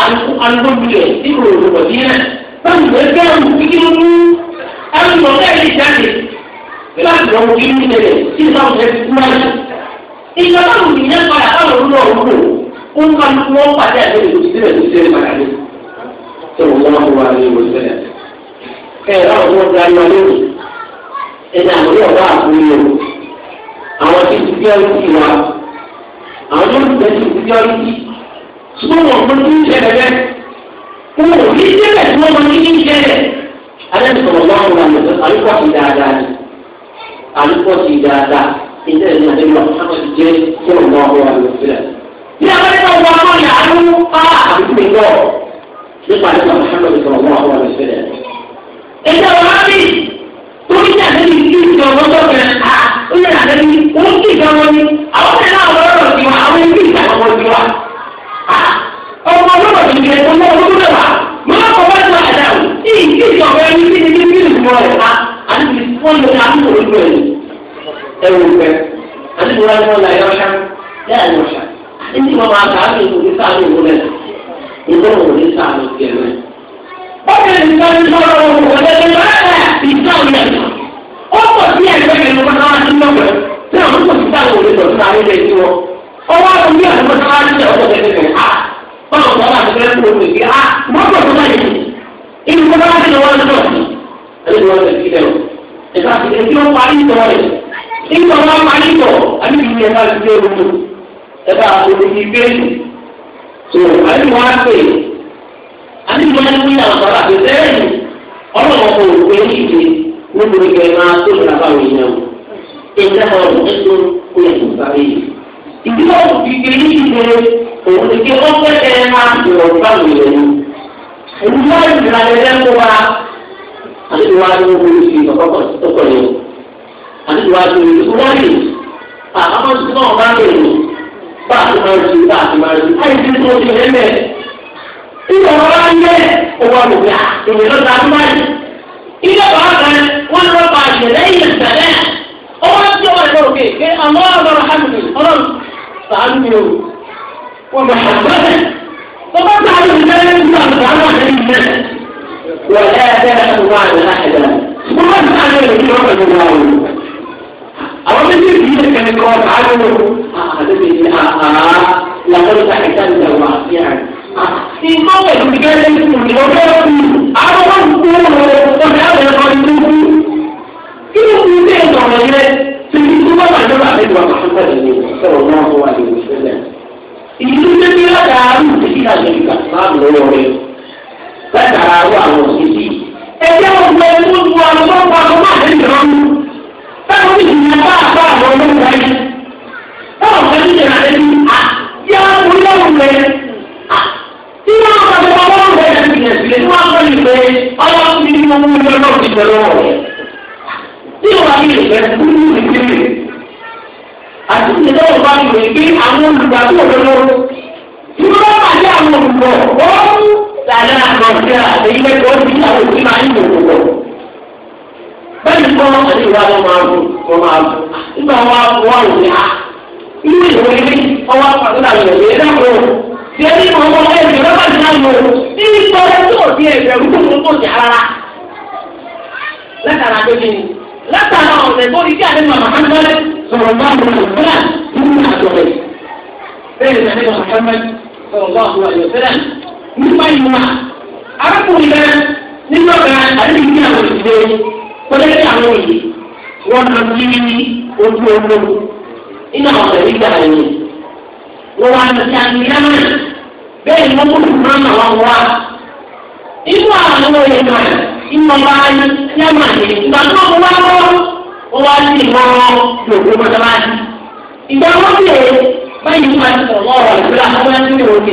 alùpùpù alùpùpù ẹnu lọ bẹ́ẹ̀ lè jáde bí wàá lọ wọ inú tẹ́lẹ̀ tí ìgbà wọn ti kú wáyé ìgbà wọn lù yẹn padà káwọn olú náà wúlò ó ń kan wọn pàdé àti ìlú sílẹ̀ ìlú sílẹ̀ padà ní. ṣé wọn wọn kó wa ní ìlú sílẹ̀ ẹ ẹ ọ̀rọ̀ wọn gba ìwà lónìí ẹni àwọn yóò wá àkúrẹ́ o àwọn tí ti gbé ọtí wa àwọn yóò tẹ̀ sí ti gbé ọtí ṣùgbọ́n wọn kò ní í ṣẹlẹ̀ bẹ́ẹ̀ wọn ò ní í ṣẹlẹ̀ tí wọ́n máa ní í ṣẹlẹ̀ alẹ́ni sọ̀rọ̀ bá wọn lọ sọ àlùkò sí dáadáa ni àlùkò sí dáadáa ìdí ẹ̀rí àti ìlú àti jẹ́ sọ̀rọ̀ bá wọn lọ sílẹ̀. ní àwọn ẹgbẹ́ wọn kọ́ ni àánú pa àbíkú lọ nípa nípa Muhammad sọ̀rọ̀ bá wọn lọ sílẹ̀. ẹ̀jẹ̀ wọn á bì tó ní kí àtẹ́bí kí ìjọ lọ́jọ́ kẹrin ká ó yẹ àtẹ́bí ó ń kí ìjọ wọn ni àwọn ọ̀rẹ́ náà wọ́n rọ̀ sí wa àwọn ẹbí ìjà màá kọ́ bá tó àdá o ní ìdí ìjọba ẹni tí ní bí ìmọ̀ ẹ̀ ká àti wọ́n lọ sí àdúgbò lójú ẹ̀ ẹ wò pẹ́ àdúgbò wa ni wọ́n la yọ̀ọ́ṣà yáà yọ̀ọ́ṣà àti tí wọ́n máa kà á fi ìwòye sáàmì ìwòye rẹ̀ ìwòye ìwòye sáàmì ìwòye rẹ̀. bọ́ọ̀lù ìgbàlódé sọ̀rọ̀ òwòlẹ́ ìgbàlódé ìgbàlódé ọ̀pọ̀ báwọn bàbá àti bẹ́ẹ̀ kúrò ní ìgbé ah mọ́tò tó bá yìí inú kó bá wá sí wọn lọ ẹni wọn lè fi lẹ o ẹ̀ka ti ẹ̀kí wọn parí ìtọ́ rẹ̀ ìtọ́ wọn parí ìtọ́ àbí ìlú ẹ̀ka ti dé olóko ẹ̀ka olóki gbèsè tó àbí wọn á pè àbí wọn á ní àwọn bàbá àti bẹ́ẹ̀ ni ọlọ́wọ́ kò pé ìdè nítorí kẹ́ máa tó ìlú àbáwọ̀ yìí náà ìjẹ́bọ̀ ọ̀rọ̀ ẹ̀sùn òun ti kí wọ́n pẹ́ ẹ máa ìrọ̀rùn báwo lè ní. èyí wá ìdìbò ẹlẹ́kọ̀ọ́ wa àti wá ní owó ìfi ìkọ̀kọ̀ tó kọ̀ ní. àti wá ní ìdìbò wá lè àwọn tó náà bá lè ní bá a ti máa ń ṣe bá a ti máa ń ṣe. láì sí tó ti lé mẹ́. ìgbà wọn bá ń yẹ owó àlùkà ìwé ló ta fún báyìí. ilé bàbá kan wọ́n lọ bá àṣẹlẹ̀ yẹn sẹ́lẹ̀ ọwọ́ tí wọ́n ومحبته فقد تعلم ذلك من تعالى أحد الناس ولا تأخذ معنا أحدا سبحان تعالى الكرام الله أولا يجب كان الكرام عنه لقد أحسنت واقعا إن قوة بجانب المجرد عرض قوة وحاول يقالدوه كيف يمكن أن تعمل في الوضع جمع الوضع محمد صلى الله عليه وسلم ìlú tẹ́tí látàárù títí náà lórí kàtìmáàmù lọ́wọ́ rẹ̀ látàárù àwọn òṣèlú. ẹgbẹ́ ọgbẹ́ tó lu àwọn ọmọ àwọn máa lè yọ̀ ọ́nù táwọn ti dìbò bá àbá àwọn ọmọ ìgbà yìí. táwọn ọmọ ti dìbò àlẹ́ bí a yá wọn lọ́wọ́ rẹ̀ tí wọ́n tó bá wọ́n rẹ̀ láti yẹ̀ sílẹ̀ tí wọ́n bá lè ti ní wọn mú ọlọ́run ti bẹ̀rẹ̀ wọ̀ rẹ̀ tí wọ́n bá lè fẹ́ àti ìdílé ọba ìwé pé àwọn olùgbàgbọ́ olóró tí wọ́n bá àwọn àwọn òbí máa ń lò wọ́. kọ́ ìwà máa máa nígbà wọn á ah, àwọn inú ìwé ọwọ́ tí ẹni ẹ̀ ṣe ti náà lò ní sọ̀rọ̀ bá àwọn ọ̀gbọ́n nínú àjọyọ̀ bẹ́ẹ̀ ni àlejò Muhammad sọ̀rọ̀ bá àwọn àjọyọ̀ sẹ́lẹ̀ nípa ìwà arákùnrin náà nínú ọ̀gá àdéhùn ní àwọn òṣìṣẹ́ kọ́lẹ́tì àwọn òye wọn lọ sí ojú olóko nínú àwọn ọ̀rẹ́ ìgbà yẹn wọ́n wá lọ sí àníyàmá bẹ́ẹ̀ ni wọ́n kó fún ọmọ àwọn wa nínú wọ́n wá ní ìmọ̀ràn yòókù mọ́tàláṣí. ìgbà wọn bè é báyìí ní màá ti sọ̀rọ̀ mọ́ ọ̀rọ̀ ìgbéra wọn ní ìwé òkè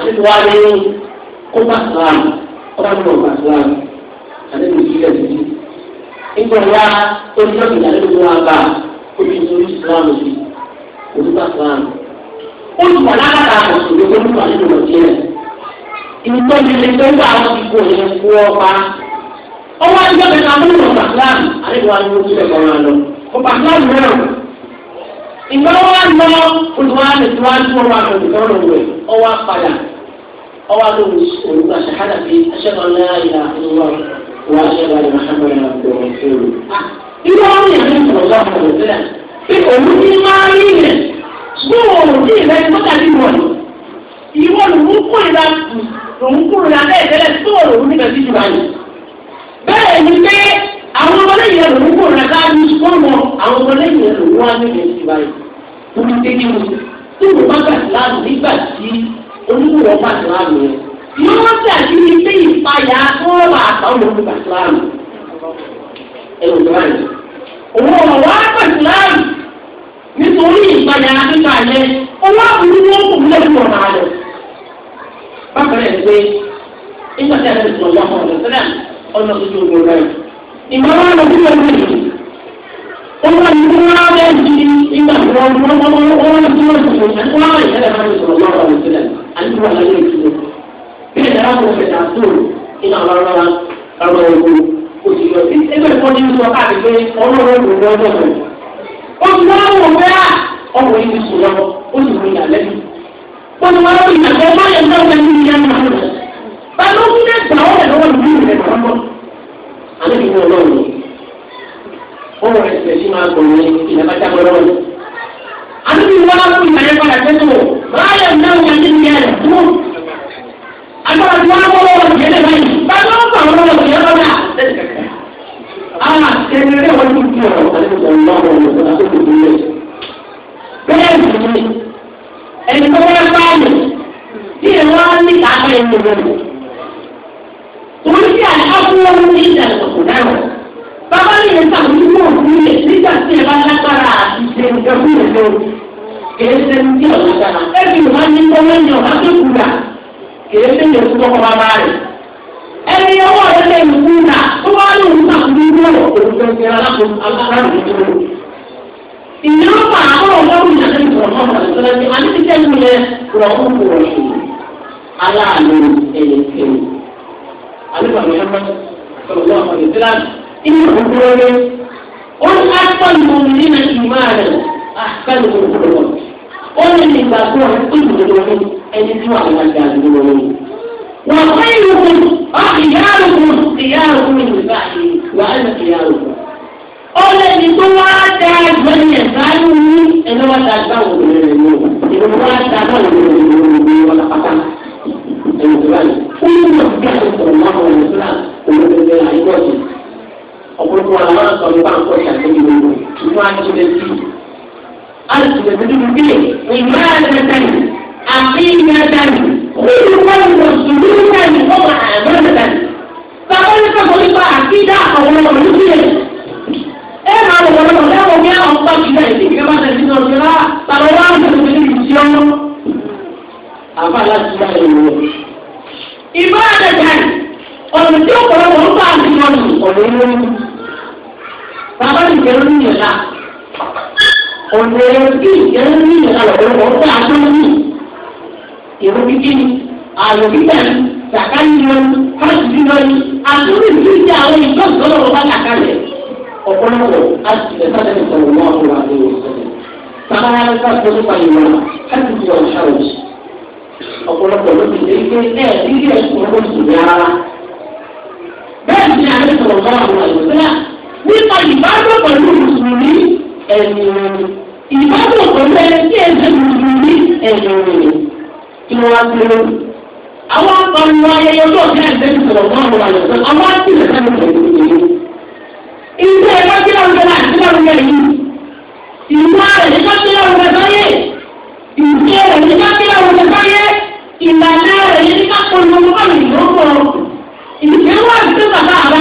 àti wà ní kó má sàlámù ọba ní ọba sàlámù àti ní ìdílé títí. ìgbà wa ó ní ọ̀gbìn àti ìwé wa bá ojú ìtòrí sàlámù sí òdúgbà sàlámù. ó ti wà lágbàtà àkọsùn lóko nípa nínú ọwọ́ àdìgbò kẹta amúlùmọ̀ bàtìláàmù àdìgbò àdìgbò tó ẹ̀kọ́ máa lọ. kò bàtìláàmù náà ìgbà wọn wá lọ olùwàlẹ̀ tí wọ́n á tún ọwọ́ àtọ̀tù tó lọ wẹ̀ ọwọ́ apàdà ọwọ́ lóhùn olùgbà ṣàhádà bíi aṣẹ́gun aláìlá ìwọ̀ wọ́n aṣẹ́gun aláìlá Muhammad abdul ah, fẹ́rù. irú àwọn èèyàn ní ìfọ̀sọ́ àwọn ọ̀dọ́dẹ́là pé òun ní máa rí ilẹ̀ ṣùgbọ́n òun ní ìlẹ̀ mọ́tàlí wọn ìwọ lòun kúrìlà lòun kúrìlà bẹ́ẹ̀ tẹ́lẹ̀ tó òun níbẹ̀ sí jù báyìí bẹ́ẹ̀ ni pé àwọn ọmọlẹ́yìn rẹ̀ lòún kò rẹ̀ ká ní sọ́mọ àwọn ọmọlẹ́yìn rẹ̀ lòún wá ní ẹ̀sìn báyìí tó ní pé kí wọn tí wọn bá gbà síláàmù nígbà tí onígbòrò ọgbà síláàmù yẹn yóò wọ́n ti àti ní pé ìpayà tó wà àtàwọn olùgbà síláàmù ẹ̀rù báyìí òun ọ̀rọ̀ wá gbà síláàmù nítorí ìpayà nípa yẹn owó àbúrú wọn kò lẹ́nu ọ̀nà rẹ̀ bákan náà pé nígbà tí a ọ̀nà tuntun ògùn náà. ìmọ̀ràn àwọn ọmọdé wọn ní wọ́n wá ní wọ́n wá bẹ́ẹ̀ di ìgbà wọn wọ́n wọ́n wọ́n wọ́n wọ́n ti wọ́n sọ̀rọ̀ àti wọ́n wá ìṣẹ̀lẹ̀ máa ń sọ̀rọ̀ lọ́wọ́ àwọn ìṣẹ̀lẹ̀ àti wọ́n wá lórí ìṣẹ̀lẹ̀. bí ẹ̀dá wọn fẹ̀ dà sóòrò nínú àwọn ará ará ogun kò sì lọ sí ẹgbẹ́ ìfọ́jú sọ káàkiri ọlọ́run kò lọ́ sọ̀rọ̀. ó ti wá wọ̀ bẹ́ẹ̀ ah! ọkùnrin ti sùn lọ́wọ́ ó sì mú ìyàlẹ́nu. ó ti wá wọ sábọ̀ àlejò fún ọlọ́run ni ó rẹ̀ ṣẹ̀ sí máa gbọ̀n ní ìlànà jábọ̀ lọ́wọ́ ni. àlejò wọn á fún ìyàrá padà sẹ́tù báyọ̀ náà wọn ti di ẹ̀rẹ̀ fún. agbára tí wọn á wọ́wọ́ wọn jẹ́lẹ̀ báyìí báyọ̀ wọn fà wọn lọ́wọ́ ìyàrá náà. àwọn akẹ́kẹ́ wọn ti di ọ̀rọ̀ àlejò ọ̀rọ̀ ọ̀rọ̀ ọ̀rọ̀ ọ̀rọ̀ fún wọn ní ìdàgbà kò dáhùn. bàbá mi yẹn ta ní mọ̀ fún yẹn nígbà tí ẹ bá lágbára àti ìṣẹ̀lẹ̀ fún yẹn lọ. kèé sẹ́ni tí ọ̀la dára. ẹbí wa ní kọ́lẹ́ ní ọ̀la tó kù rà. kèé sẹ́ni yẹn fún ọkọ̀ bàbá rẹ̀. ẹni ọwọ́ rẹ̀ lè mú rà tó wá lò ń ta fún yẹn lọ. ìyẹn fà á kọ́ ọ̀gbọ́n mi nàá ní ìfọ̀rọ̀ mọ́ àdúgbò àmọ́yọ́mọ́ sọ̀rọ̀ àwọn ìsìlámù inú ìdúró rẹ̀ ó ní akpọ̀lù nínú ìmọ̀ rẹ̀ akpọ̀lù ìdúró ó ní ìgbàgbọ́ ìdúró rẹ̀ ẹni tí wọ́n àwọn àgbà ìdúró rẹ̀ wọ́n fẹ́ ìlúkùn ìyáàlùkùn ìyáàlùkùn ìgbà yìí wàhálà ìyáàlùkùn ó lé ní tó wá dá ìgbẹ́ni ẹ̀ka ló ní ẹ̀ka wá dá ìgbà wò lórí rẹ̀ lórí ìgbà wá dá ìgbà wò lórí rẹ̀ lórí.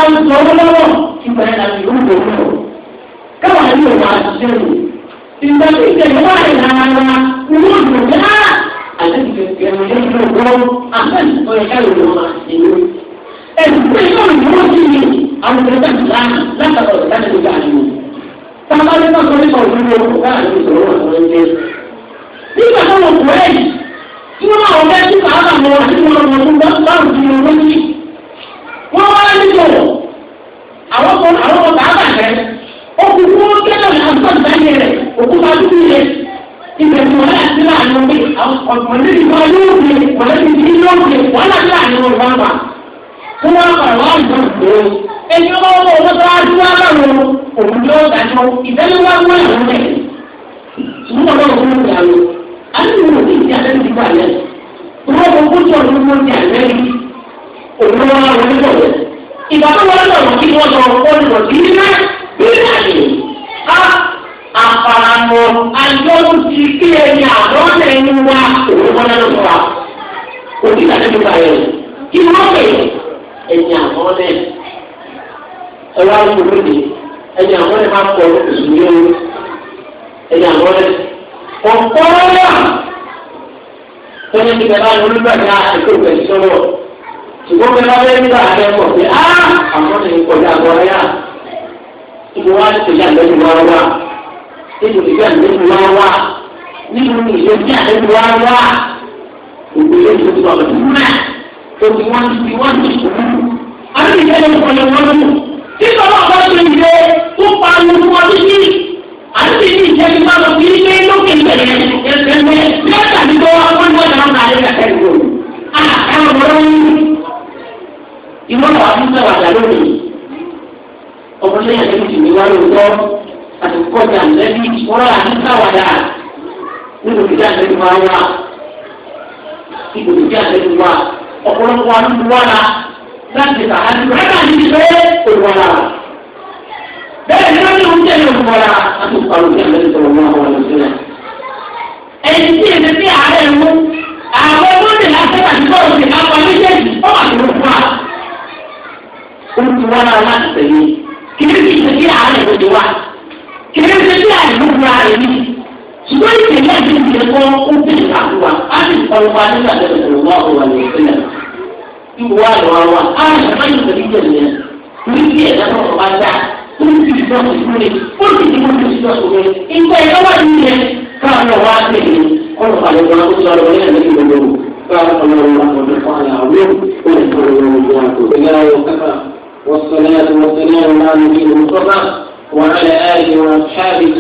ń sọ lọ́wọ́ ìgbà yẹn láti rú bò fún káwọn ẹni ò máa rò. ìgbà tí ìṣẹ̀lẹ̀ wà ní ara ni wọ́n lò ní á. àti ìṣẹ̀lẹ̀ ìṣẹ̀lẹ̀ ìṣẹ̀lẹ̀ àti ìṣẹ̀lẹ̀ ìṣẹ̀lẹ̀ Tàbálẹ́ náà sọ nípa òfin ló káàkiri ìṣòro wà lórí ilé. Nígbà tó wọ̀ kúrẹ́ẹ̀dì, tí wọ́n máa wọ bẹ́ẹ̀ tí bàbá mi wà nínú ọmọ tó ń bá báwùjọ lórí wọ́n wá nínú àwọn ọmọ àwọn ọmọ bàbá rẹ̀ okùnkùn wọn kẹ́lẹ́ àgbọ̀n ìdáyẹ rẹ̀ òkú bá yẹ ibẹ̀ ni wọ́n láàánú pé ọ̀gbọ̀n ní ìwọ yóò gbé mọ̀lẹ́bí ní yóò gbé wọ́n láti láàánú wọn bá wà kó wọ́n bá wà ìgbà gbòó ẹni ọmọ ọmọ ọmọ tó wá dúró aláwọ̀ òun yóò dájọ́ ìdẹ́lẹ́ wá wọ́n àwọn rẹ̀ ṣùgbọ́n ọmọ òun ń gbà lọ alẹ́ ìwọ̀n ti di alẹ́ ti wà òun ló wá wọn níbọ̀ yẹn. ìgbà tó wọ́n lọ́wọ́ kí wọ́n sọ olùkọ́ sí ilé bẹ́ẹ̀ àyè ká àfàràmọ̀ àjọ́sù ti kí ẹni àdọ́nà ẹni wá òun wọn lọ́wọ́ fún wa. òbí ìdájọ́ nípa yẹn kí wọ́n pè ẹni àdọ́nà ẹ wá ní òun ni ẹni àdọ́nà máa pọ̀ lóṣù yẹn ẹni àdọ́nà ọ̀pọ̀ ọ̀rọ̀ wà. Tọ́jú ti bẹ̀rẹ̀ àwọn olùgbàdì àti ìgbẹ̀sọ̀rọ̀ ṣùgbọ́n bí wọ́n fẹ́ẹ́ nígbà àárẹ̀ pọ̀ pé á àwọn ọ̀nà ìkọjá àgọ́ ayá ìbò wa ti tẹ̀lé àlejò wa wá ìbò ti tẹ̀lé àlejò wa wá nínú ìlú ti àlejò wa wá òkú ilé ìlú sọ̀rọ̀ dúró òkú wọn ti fi wọn ti sùn wọn ti tẹ̀lé ìkọlẹ̀ wọn lù tí sọ̀rọ̀ ọ̀gá tó ń gbé tó pa lóko ọdún yìí àti ní ìjẹ́bi bá lọ sí ilé lókè ìbẹ̀rẹ̀ ẹ̀ẹ́dẹ̀gbẹ̀ mẹ́ta nígbà ìwọ náà wàá dúpẹ́ wàdà lónìí ọmọlẹ́yìn àdéhùn ní wáyé ọjọ́ àtúkọ́ ní àlẹ́bí ìfọ́nrán àdúgbà wàdà nínú ìdíjà àlẹ́bí wa wà ìbò ìdíjà àlẹ́bí wa ọ̀pọ̀lọpọ̀ wa nínú wa la láti fà á dúró ẹ̀ka ní ti fẹ́ olùwàlà bẹ́ẹ̀ ni wọ́n ní oúnjẹ ní olùwàlà àtúkọ́ àlùkí àlẹ́bí sọ̀rọ̀ wọn àwọn àlùfẹ́ ẹni tí ó ti wá láti tẹ̀lé kí ti ṣe kí àárẹ̀ ló ti wá kí ti ṣe kí àárẹ̀ ló wá rẹ̀ ní. ṣùgbọ́n ìṣẹ̀lẹ̀ àti ìṣẹ̀lẹ̀ kan ó ti ṣe á sì kọlu wa nígbà tó ti sọ̀rọ̀ wá òwà lè sílẹ̀ ìwọ àlọ́ wa wá á sì má yóò tẹ̀lé ìṣẹ̀lẹ̀ yẹn torí bí ẹ̀dá náà wá dá ó ti ti sọ ìṣúre ó ti ti mọ́tò sí ọ̀sọ̀rẹ́ ìgbà ìlọ́wọ́ ìyẹn káwọn wá tẹ̀lé kọ́nù àlejò àkóso àlọ́ yẹn lè والصلاة والسلام على نبينا المصطفى وعلى آله وأصحابه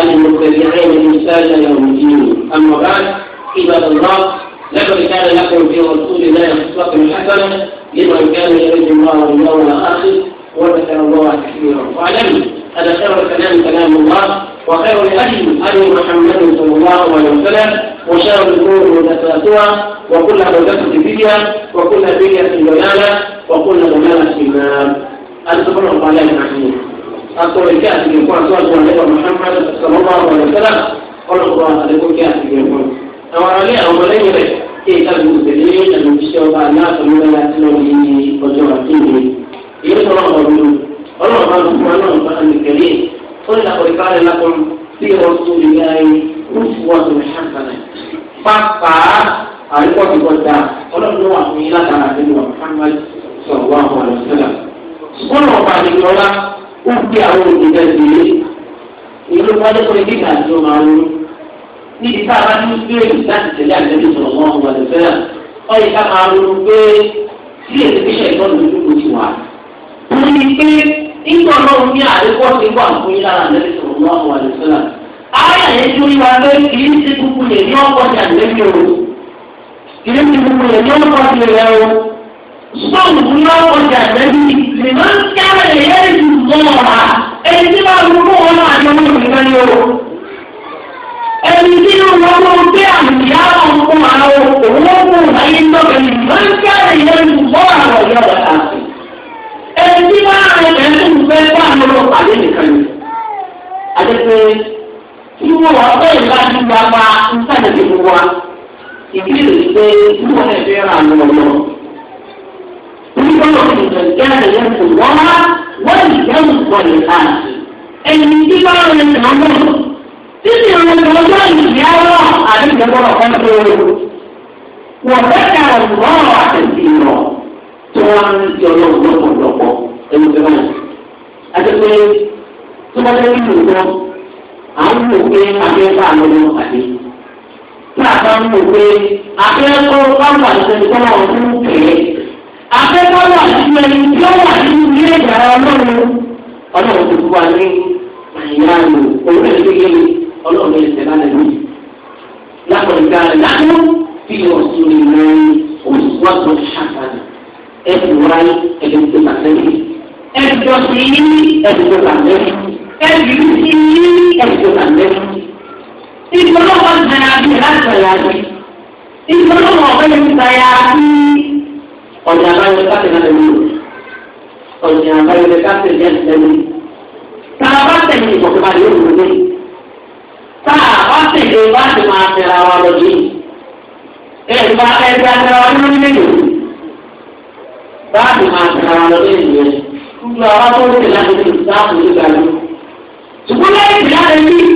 المتبعين الإنسان يوم الدين أما بعد عباد الله لقد كان لكم في رسول الله أسوة حسنة لمن كان يرجو الله واليوم الآخر وذكر الله كثيرا واعلم أن خير الكلام كلام الله وخير الهدي هدي محمد صلى الله عليه وسلم وشر الأمور محدثاتها وكل محدثة بدعة وكل بدعة ضلالة وكل ضلالة في النار. أنا سبحان الله لا يعنيني. أقول الكافر يقول صلى الله عليه محمد صلى الله عليه وسلم قال الله عليكم كافر يقول. أو عليه أو عليه به كي تبدو سبيل أن تشتغل الناس من لا تلوي وجوهتين. يقول الله عليه الله سبحانه وتعالى الكريم قل لقد قال لكم في رسول الله uswatun hasana pápá àríkọ̀tìkọ̀tà ọlọ́run wà fún yín látara nínú Muhammad sallallahu alaihi wasallam. ṣùgbọ́n ọba àdìgbọ́lá ó gbé àwọn òṣìṣẹ́ ìdílé ìlú pọ́lẹ́pọ̀ ìdíkà tí ó máa ń lò. níbi tá a bá ní bẹ́ẹ̀rù láti tẹ̀lé àgbẹ̀bí sallallahu alaihi wasallam ọyẹ ká máa ronú pé tí èdè bíṣẹ̀ ìtọ́nù ìlú kò ti wà. wọ́n ní pé nígbà náà ní àríkọ̀tìkọ̀ àfúnyí lára àgbẹ̀bí sallallahu alaihi wasallam ayé yẹn tó yíwa pé kìí ti gbogbo lè ní ọkọjà lẹ́yìn o kìí ti gbogbo lè ní ọkọjà lẹ́yìn o sọ́ọ̀nù tó ní ọkọjà lẹ́yìn lè má ń kẹ́rẹ̀ lè yẹ́ ìlú mọ́ ọ̀la ẹni tí máa gbogbo wọn máa yọ wọn nìkan ni o ẹni tí ní wọn ló gbé àmì àwọn ọmọ àwọn òun ó kú láyé ń dọ́kẹ́ ní má ń kẹ́rẹ̀ lè yẹ́ ìlú mọ́ àwọn ọ̀yọ́ ọ̀la ẹni tí máa rẹ̀ ẹ̀ ń fẹ́ fún àwọn ọ̀pá irú wa bẹ́ẹ̀ wa bá ń nínú wa ìbéèrè pé irú ẹ̀fẹ́ rà lọ́wọ́. Onígbọ́dọ̀ ti lè jẹ́ àyẹ̀ kò wọ́n wá wọ́n lè jẹ́ nǹkan ìlà. Ẹni tí bá rẹ̀ ń rán mọ̀. Títí àwọn ọmọ ọjọ́ ìyá rọ̀ àbí ìjọba kan tó rẹ̀. Wọ́n dẹ́ka ọ̀rọ̀ àtẹ̀sí rọ̀ tó wá ń yọ lọ́wọ́ lọ́pọ̀lọpọ̀ ẹni à ń wò pé abẹ́ká lọ́wọ́ pàdé. Tí a bá ń wò pé abẹ́kọ́ wà lọ́wọ́ náà fún kẹ̀lẹ́. Abẹ́kọ́ wà nínú ẹni tí ó wà nínú ilé ìyàrá ọlọ́run. Ọlọ́run ti wà ní àyà lò òun ẹ̀ ṣẹ́gi ni ọlọ́run ẹ̀ ṣẹ̀dá lẹ́nu. Lápẹ̀lẹ́gbà lánàá fi ọ̀sùn ìrìn òṣùwọ̀sọ ṣàkàlà. Ẹ ti wáyé ẹ̀dẹ̀gbẹ̀ta lẹ́yìn. Ẹ ẹ̀jú ti ní ẹ̀sùn àgbẹ̀. Ìgbọ́lọ́wọ́ gbẹ̀rẹ̀ àbí láti ọ̀yà rẹ̀. Ìgbọ́lọ́wọ́ ọ̀gbẹ́ni gbẹ̀rẹ̀ àbí ọ̀jà àbáyọ káfíń náà lẹ́nu. Ọ̀jà àbáyọ káfíń náà lẹ́nu. Tàbá tẹ̀lé ìfọ̀kànbá yóò wù mí. Tàbá tẹ̀lé láti máa tẹ̀ra wa lọ sí. Ẹ̀gbá ẹgbẹ́ àtẹ̀ra wa lórí mélòó? Báàbì máa tẹ̀ra wa lọ sí ìlú ẹ̀. Gbogbo àwọn tó ṣùgbọ́n lẹ́yìn ìgbìlá rẹ̀ ní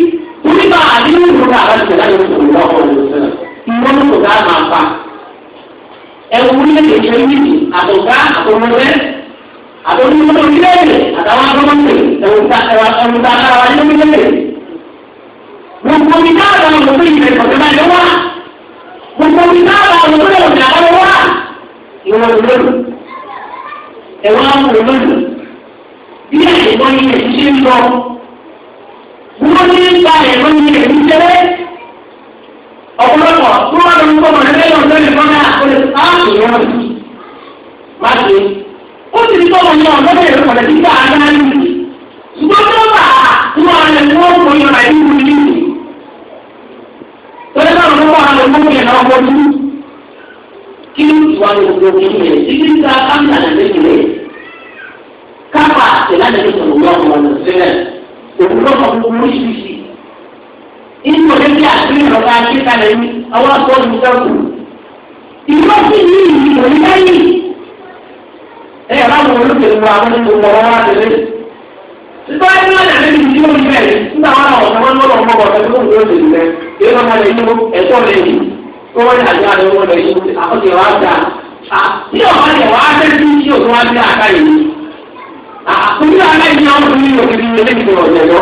oníbà àdínú ìrora àbájáde láti fún ìlú ọmọ ìlú sílẹ̀ ìwọ́n ní kò dá máa fa ẹ̀wù orílẹ̀-èdè ìṣẹ́ yìí àtọ̀gá àtọ̀mọ́fẹ́ àtọ̀mọ́fẹ́ orílẹ̀-èdè àtàwọn agbọ́mọ́fẹ́ ẹ̀wù tá ara wa ní orílẹ̀-èdè gbogbo omi náà lọ lọ sí ilẹ̀ ìfọ̀sẹ̀ máa lọ wá gbogbo omi náà lọ lọ sí ọ̀sẹ̀ àwọn wá ìwọ̀n lónìí ẹ̀wọ̀n àwọn lónìí bí àìsàn yìí ti ṣe ń lọ wọ́n ní nípa ẹ̀rọ ní èmi jẹ́rẹ́ ọ̀pọ̀lọpọ̀ tó wà lórí kọ́mọ̀ ní lẹ́yìn ọ̀dọ́ nìkan náà ó lè fà á pè wọ́n sí. má ṣe ó sì ní kọ́mọ̀ ní ọ̀dọ́ nìkan kọ̀dẹ̀ tí kà á dá ní ìlú ṣùgbọ́n tó bà á tó wà lẹ̀ tó wọ́n kọ́ yọ̀rọ̀ ní ìlú ní ìlú. tọ́lá náà ló wà lọ fún mi náà wọ́n tú kí ló ti wà lórí gbogbo mi rẹ̀ títí ta káńtà nàìjíríà kápá àti lánàá òwúrọ̀ ọ̀pọ̀ oríṣiríṣi. inú olóbi àti ìrọ̀lá akíkalẹ̀ mi àwọn akọ́ni sẹ́kù. ìlú ọ̀sìn ní ìlú òyìnbá yìí. ẹ yàrá àwọn olóṣèlú àwọn olùkọ́ wọn wá lélẹ̀. títọ́ ẹni wọn nàlẹ́ ní ìdí omi bẹ́ẹ̀ nígbà wọn àwọn ọ̀sán wọn lọ́wọ́ ọmọ ọ̀sán tó ń gbé òṣèlú rẹ̀ yóò lọ́ọ́ máa lè yíwó ẹ̀tọ́ rẹ̀ yìí tó wọ́n yà á lọ́wọ́ lọ́ọ́ yíwó àkọ́jọ́ wa dà. ní ọ̀pá àkúrú aláìní àwọn onílò kiri lẹ́yìn ọ̀jẹ̀ lọ.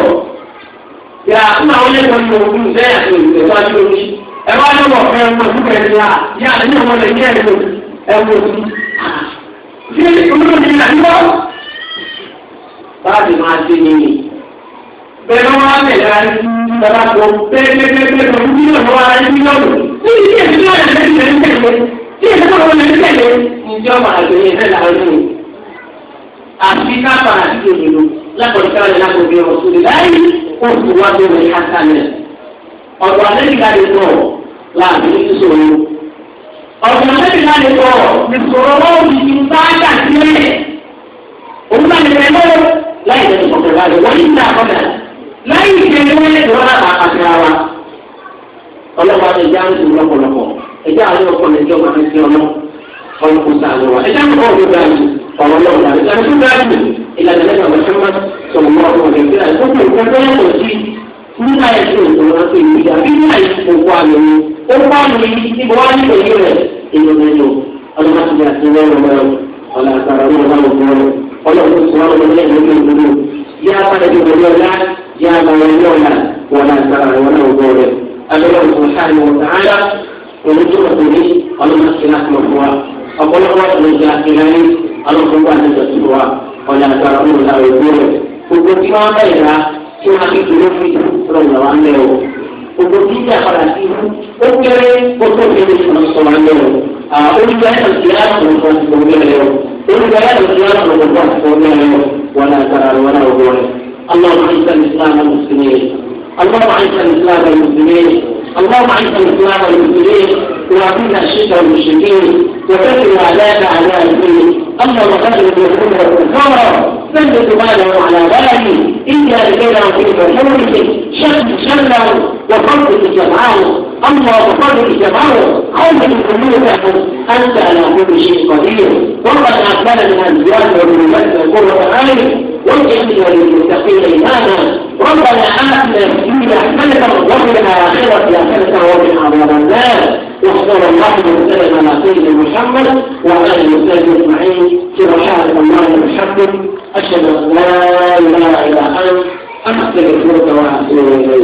Yà fún àwọn ẹ̀kọ́ ní ogun lẹ́yìn àti ìtẹ̀wájú omi. Ẹ wá ní wọ̀ fẹ́ ọmọ fún ẹ̀rí wa, yà ní ọmọ rẹ̀ ní ẹ̀rí ẹ̀wọ̀ omi. Ṣé olóòrùn ní ìlànà wọ́? Báàbí máa ṣe ní mi. Bẹ́ẹ̀ni wọ́n á bẹ̀rẹ̀ láti bàbá tó pépépépé pẹ̀lú mílíọ̀nù wa ní mílíọ̀nù. Ní ìdí ẹ̀sìn náà lè àfi káfà àti òdodo lápòlì káfà lápòlì ọ̀sùn láyé oṣù wa tó wọlé hasanẹ. ọ̀dọ̀ alẹ́bíkà lè tọ̀ láàbí ní sọ̀rọ̀. ọ̀dọ̀ alẹ́bíkà lè tọ̀ ní sọ̀rọ̀ lọ́wọ́ yìí ń bá yà sílẹ̀. òun náà lè fẹ́ lọ́wọ́ láì lẹ́nu kọ̀ọ̀kan láàyè wọ́n yìí ń dà kọ́dà láì ìṣẹ̀lẹ̀ wọlé lọ́wọ́ àpàtì ara. ọlọ́wọ́ ọlọ́kùn sàánú wa ẹ̀dá mi kọ́ ọ̀dún dáa mi ọ̀rọ̀ náà wà ẹ̀dá mi tó dáa mi ìlànà lẹ́yìn àwọn sọ́mọ́ sọ̀rọ̀ mọ́ ọ̀rọ̀ rẹ̀ gbéra tó kù nǹkan tó yàtọ̀ sí nígbà ẹ̀sìn ìṣòro àti ìgbìyà nígbà ìṣòro òkú àmì òkú àmì ìbò wá ní òye rẹ̀ èèyàn nínú ọlọ́mọdé àti wọ́ọ̀rọ̀ mọ́ ọ̀là àtàrà ọ̀rọ̀ ọ̀rọ̀ ọ̀rọ̀ ọlọ́run sọ wọn lọ lẹ́yìn lórí ìlú yá padà dé wọlé ọ̀la yá lọ́wọ́ ilé ọ̀la wọn àtàrà wọn náà gbọ́ rẹ̀ abẹ́rẹ́ òkú sáà ni wọ́n sàárà òun tó wà lórí ọlọ́mọdé náà mọ̀ fún wa ọ̀pọ̀lọpọ̀ ìgbà ìrẹ́lẹ̀ alọ́kọ̀ọ́gbà nígbà tí wà ọ̀nà àgbàkùn ọ̀nà òkú rẹ̀ gbogbo tí wọ́n bá ìlà tí wọ́n ti dúró fi ọ̀rọ̀ ìlà wa ń lẹ̀ o gbogbo tí ìjà padà sí ó kéré ó tó kéré ìfọ̀nàṣọ́ wa ń lẹ̀ o olùdarí àti àtúntò ìfọ̀nàṣọ́ ń lẹ̀ o olùdarí àti àtúntò ìfọ̀nàṣọ́ ń lẹ̀ o wọn àgbàrá wọn àwòrán اللهم اعز الاسلام والمسلمين اللهم اعز الاسلام والمسلمين اللهم اعز الاسلام والمسلمين واعطنا الشرك والمشركين وكفر على اعداء الدين اللهم خلد يكون الكفار فلن تبالغوا على بالي الا لكي لا نصيب حرمتك شر شره جمعان أما بقول جمعه قوم يكونون لهم أنت على كل شيء قدير وقد أكمل من الزيان والمبادئ قرة عين والإذن والمتقين إماما ربنا آتنا في الدنيا حسنة وفي الآخرة حسنة وقنا عذاب النار وصلى الله وسلم على سيدنا محمد وعلى آله وصحبه أجمعين سبحانك الله وبحمدك أشهد أن لا إله إلا أنت أستغفرك وأتوب إليك